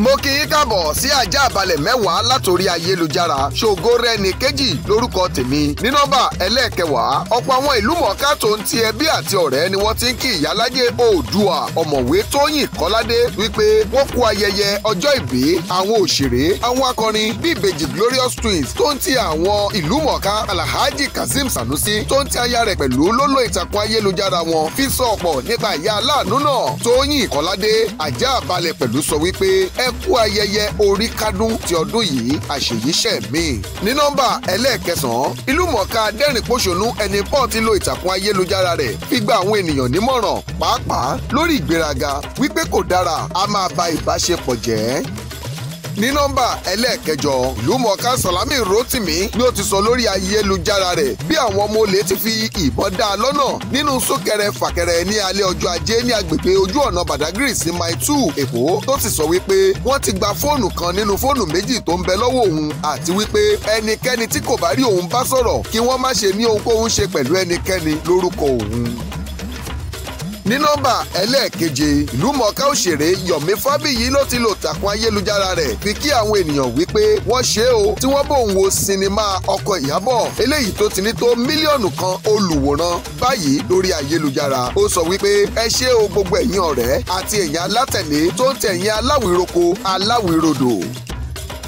mo kì í káàbọ̀ sí ajá balẹ̀ mẹ́wàá látòrí ayélujára ṣògo rẹni kejì lórúkọ tèmi ní nọ́mbà ẹlẹ́ẹ̀kẹwàá ọ̀pọ̀ àwọn ìlú mọ̀ọ́ká tó ń ti ẹbí àti ọ̀rẹ́ ni wọ́n ti ń kí ìyálájé oòdùà ọ̀mọ̀wé tóyìn kọ́ládé wípé wọ́n kú ayẹyẹ ọjọ́ ìbí àwọn òṣèré àwọn akọrin bíi ìbejì glorious twins tó ń ti àwọn ìlú mọ̀ọ́ká alhaji kazeem sanusi tó ń ti aya rẹ̀ pẹ̀lú lólò ìtàkùn ayélujára wọn fi sọ ọ̀pọ̀ nípa ìyá aláàánú náà tóyìn kọ́ládé ajá balẹ̀ pẹ̀lú sọ wípé ẹ ẹ kú ayẹyẹ orí kádún ti ọdún yìí àṣeyíṣẹ́ mi. ní nọ́mbà ẹlẹ́ẹ̀kẹsàn-án ìlúmọ̀ọ́ká dẹ́rìn-pọ̀ṣọ́nù ẹni paul ti lo ìtàkùn ayélujára rẹ̀ fi gba àwọn ènìyàn nímọ̀ràn pàápàá lórí ìgbéraga wípé kò dára a máa ba ìbáṣepọ̀ jẹ́ ní nọ́mbà ẹlẹ́ẹ̀kẹjọ ìlúmọ̀ọ́ká Sàlámì Rotimi ni ó ti sọ lórí ayélujára rẹ̀ bí àwọn ọmọ olè ti fi ìbọn dá a lọ́nà nínú súnkẹrẹ fàkẹrẹ ní alẹ́ ọjọ́ ajé ní agbègbè ojú ọ̀nà Badagry sí Mile 2 Èkó tó sì sọ wípé wọ́n ti gba fóònù kan nínú fóònù méjì tó ń bẹ lọ́wọ́ òun àti wípé ẹnikẹ́ni tí kò bá rí òun bá sọ̀rọ̀ kí wọ́n má ṣe ní ohunkóhun ṣe pẹ̀lú ẹnikẹ́ni lórúkọ òun ní nọ́mbà ẹlẹ́ẹ̀keje ìlúmọ̀ọ́ká òṣèré Yọ̀mí Fábíyì ló ti lo ìtàkùn ayélujára rẹ̀ fi kí àwọn ènìyàn wípé wọ́n ṣe é o tí wọ́n bò ń wo sinimá ọkọ̀ ìyábọ̀ eléyìí tó ti ní tó mílíọ̀nù kan olùwòran báyìí lórí ayélujára ó sọ wípé ẹ ṣé o gbogbo ẹ̀yin ọ̀rẹ́ àti ẹ̀yin alátẹ̀lé tó ń tẹ̀yìn aláwìroko aláwìrodò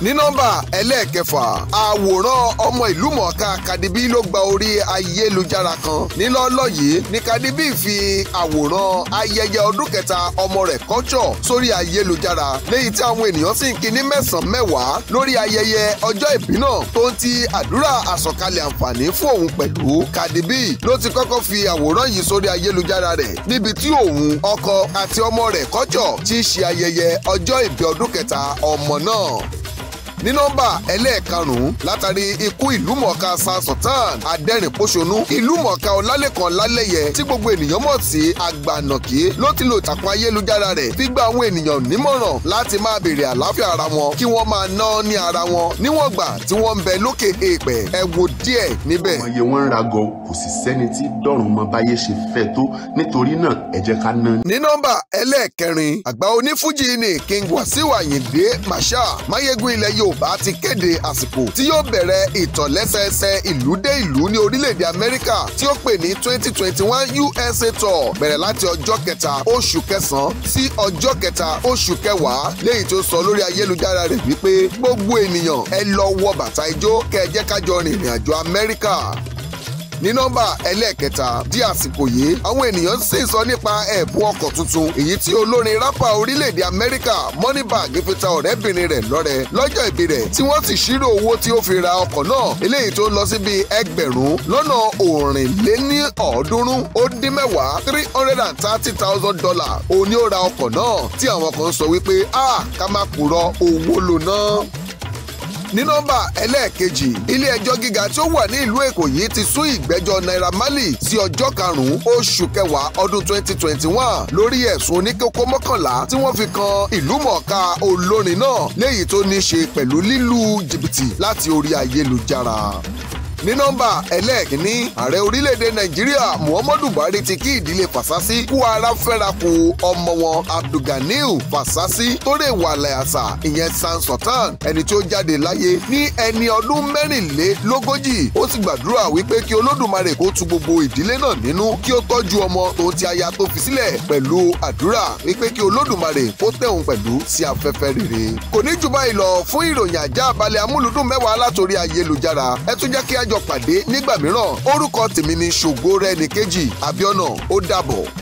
ní nọ́mbà ẹlẹ́ẹ̀kẹfà àwòrán ọmọ ìlú mọ̀ọ́ká Cardi B ló gba orí ayélujára kan nílọ́lọ́ yìí ni Cardi B fi àwòrán ayẹyẹ ọdún kẹta ọmọ rẹ̀ Culture sórí ayélujára léyìí tí àwọn ènìyàn sì ń kí ní mẹ́sàn-án mẹ́wàá lórí ayẹyẹ ọjọ́ ìbí náà tó ń ti àdúrà àsọ̀kalẹ̀ àǹfààní fún òun pẹ̀lú Cardi ló ti kọ́kọ́ fi àwòrán yìí sórí ayélujára rẹ̀ níbi tí òun ọkọ àti ọmọ rẹ̀ Culture ti ṣe ayẹyẹ ọjọ́ ìbí ọdún kẹta ọmọ náà ní nọ́mbà ẹlẹ́ẹ̀karùn-ún látàrí ikú ìlúmọ̀ọ́ká sansotan adẹ́rìn-pọ̀ṣónú ìlúmọ̀ọ́ká ọlálẹ́kan lálẹ́yẹ tí gbogbo ènìyàn mọ̀ sí àgbànàkí ló ti lo ìtàkùn ayélujára rẹ̀ fi gba àwọn ènìyàn nímọ̀ràn láti máa béèrè àlàáfíà ara wọn kí wọ́n máa ná ní ara wọn níwọ̀n gbà tí wọ́n ń bẹ lókè èèpẹ̀ ẹ wo díẹ̀ níbẹ̀. ọmọ iye wọn ń ragọ kò sì sẹ́ni tí dọ̀rùn mọ báyé ṣe Yorùbá ti kéde àsìkò tí yóò bẹ̀rẹ̀ ìtọ̀lẹ́sẹẹsẹ ìlú dé ìlú ní orílẹ̀-èdè Amẹ́ríkà tí ó pè ní 2021 USA Tour bẹ̀rẹ̀ láti ọjọ́ kẹta oṣù kẹsàn-án sí ọjọ́ kẹta oṣù kẹwàá léyìí tó sọ lórí ayélujára rẹ̀ wípé gbogbo ènìyàn ẹ lọ wọ bàtà ijó kẹ́ ẹ jẹ́ rìnrìn àjò Amẹ́ríkà ní nọ́mbà ẹlẹ́ẹ̀kẹta di àsìkò yìí àwọn ènìyàn sì sọ nípa ẹ̀bùn ọkọ̀ tuntun èyí tí olórin rápà orílẹ̀-èdè Amẹ́ríkà Moneybag fi ta ọ̀rẹ́bìnrin rẹ̀ lọ́rẹ lọ́jọ́ ìbí rẹ̀ tí wọ́n sì ṣírò owó tí ó fi ra ọkọ̀ náà eléyìí tó lọ sí bíi ẹgbẹ̀rún lọ́nà òrìnléní ọ̀ọ́dúnrún ó dín mẹ́wàá three hundred and thirty thousand dollar òun ni ó ra ọkọ̀ náà tí àwọn kan sọ wípé a ah, ká má kúrò owó lò ní nọ́mbà ẹlẹ́ẹ̀kejì ilé-ẹjọ́ gíga tí ó wà ní ìlú Èkó yìí ti sún ìgbẹ́jọ́ Naira Marley sí ọjọ́ karùn-ún oṣù kẹwàá ọdún 2021 lórí ẹ̀sùn oníkókó mọ́kànlá tí wọ́n fi kan ìlúmọ̀ọ́ká olórin náà léyìí tó ní ṣe pẹ̀lú lílu jìbìtì láti orí ayélujára ní nọ́mbà ẹlẹ́ẹ̀kínní ààrẹ orílẹ̀-èdè nàìjíríà muhammadu buhari ti kí ìdílé fàṣásí kú ara fẹ́ra kù ọmọ wọn abdulganiu fàṣásí tó lè wà lẹ́yàsà ìyẹn san sultan ẹni tí ó jáde láyé ní ẹni ọdún mẹ́rìnlélógójì ó sì gbàdúrà wípé kí olódùmarè kó tu gbogbo ìdílé náà nínú kí ó tọ́jú ọmọ tó ti aya tó fi sílẹ̀ pẹ̀lú àdúrà wípé kí olódùmarè kó tẹ̀ òun pẹ̀lú sí afẹ́fẹ́ rere kò ní jù báyìí lọ fún ìròyìn àjá àbálẹ̀ amúlùdùn mẹ́wàá látòrí ayélujára ẹ tún jẹ́ kí aj jọ pàdé nígbà mìíràn orúkọ tèmi ni ṣògo rẹ nìkejì abiona ó dàbọ̀.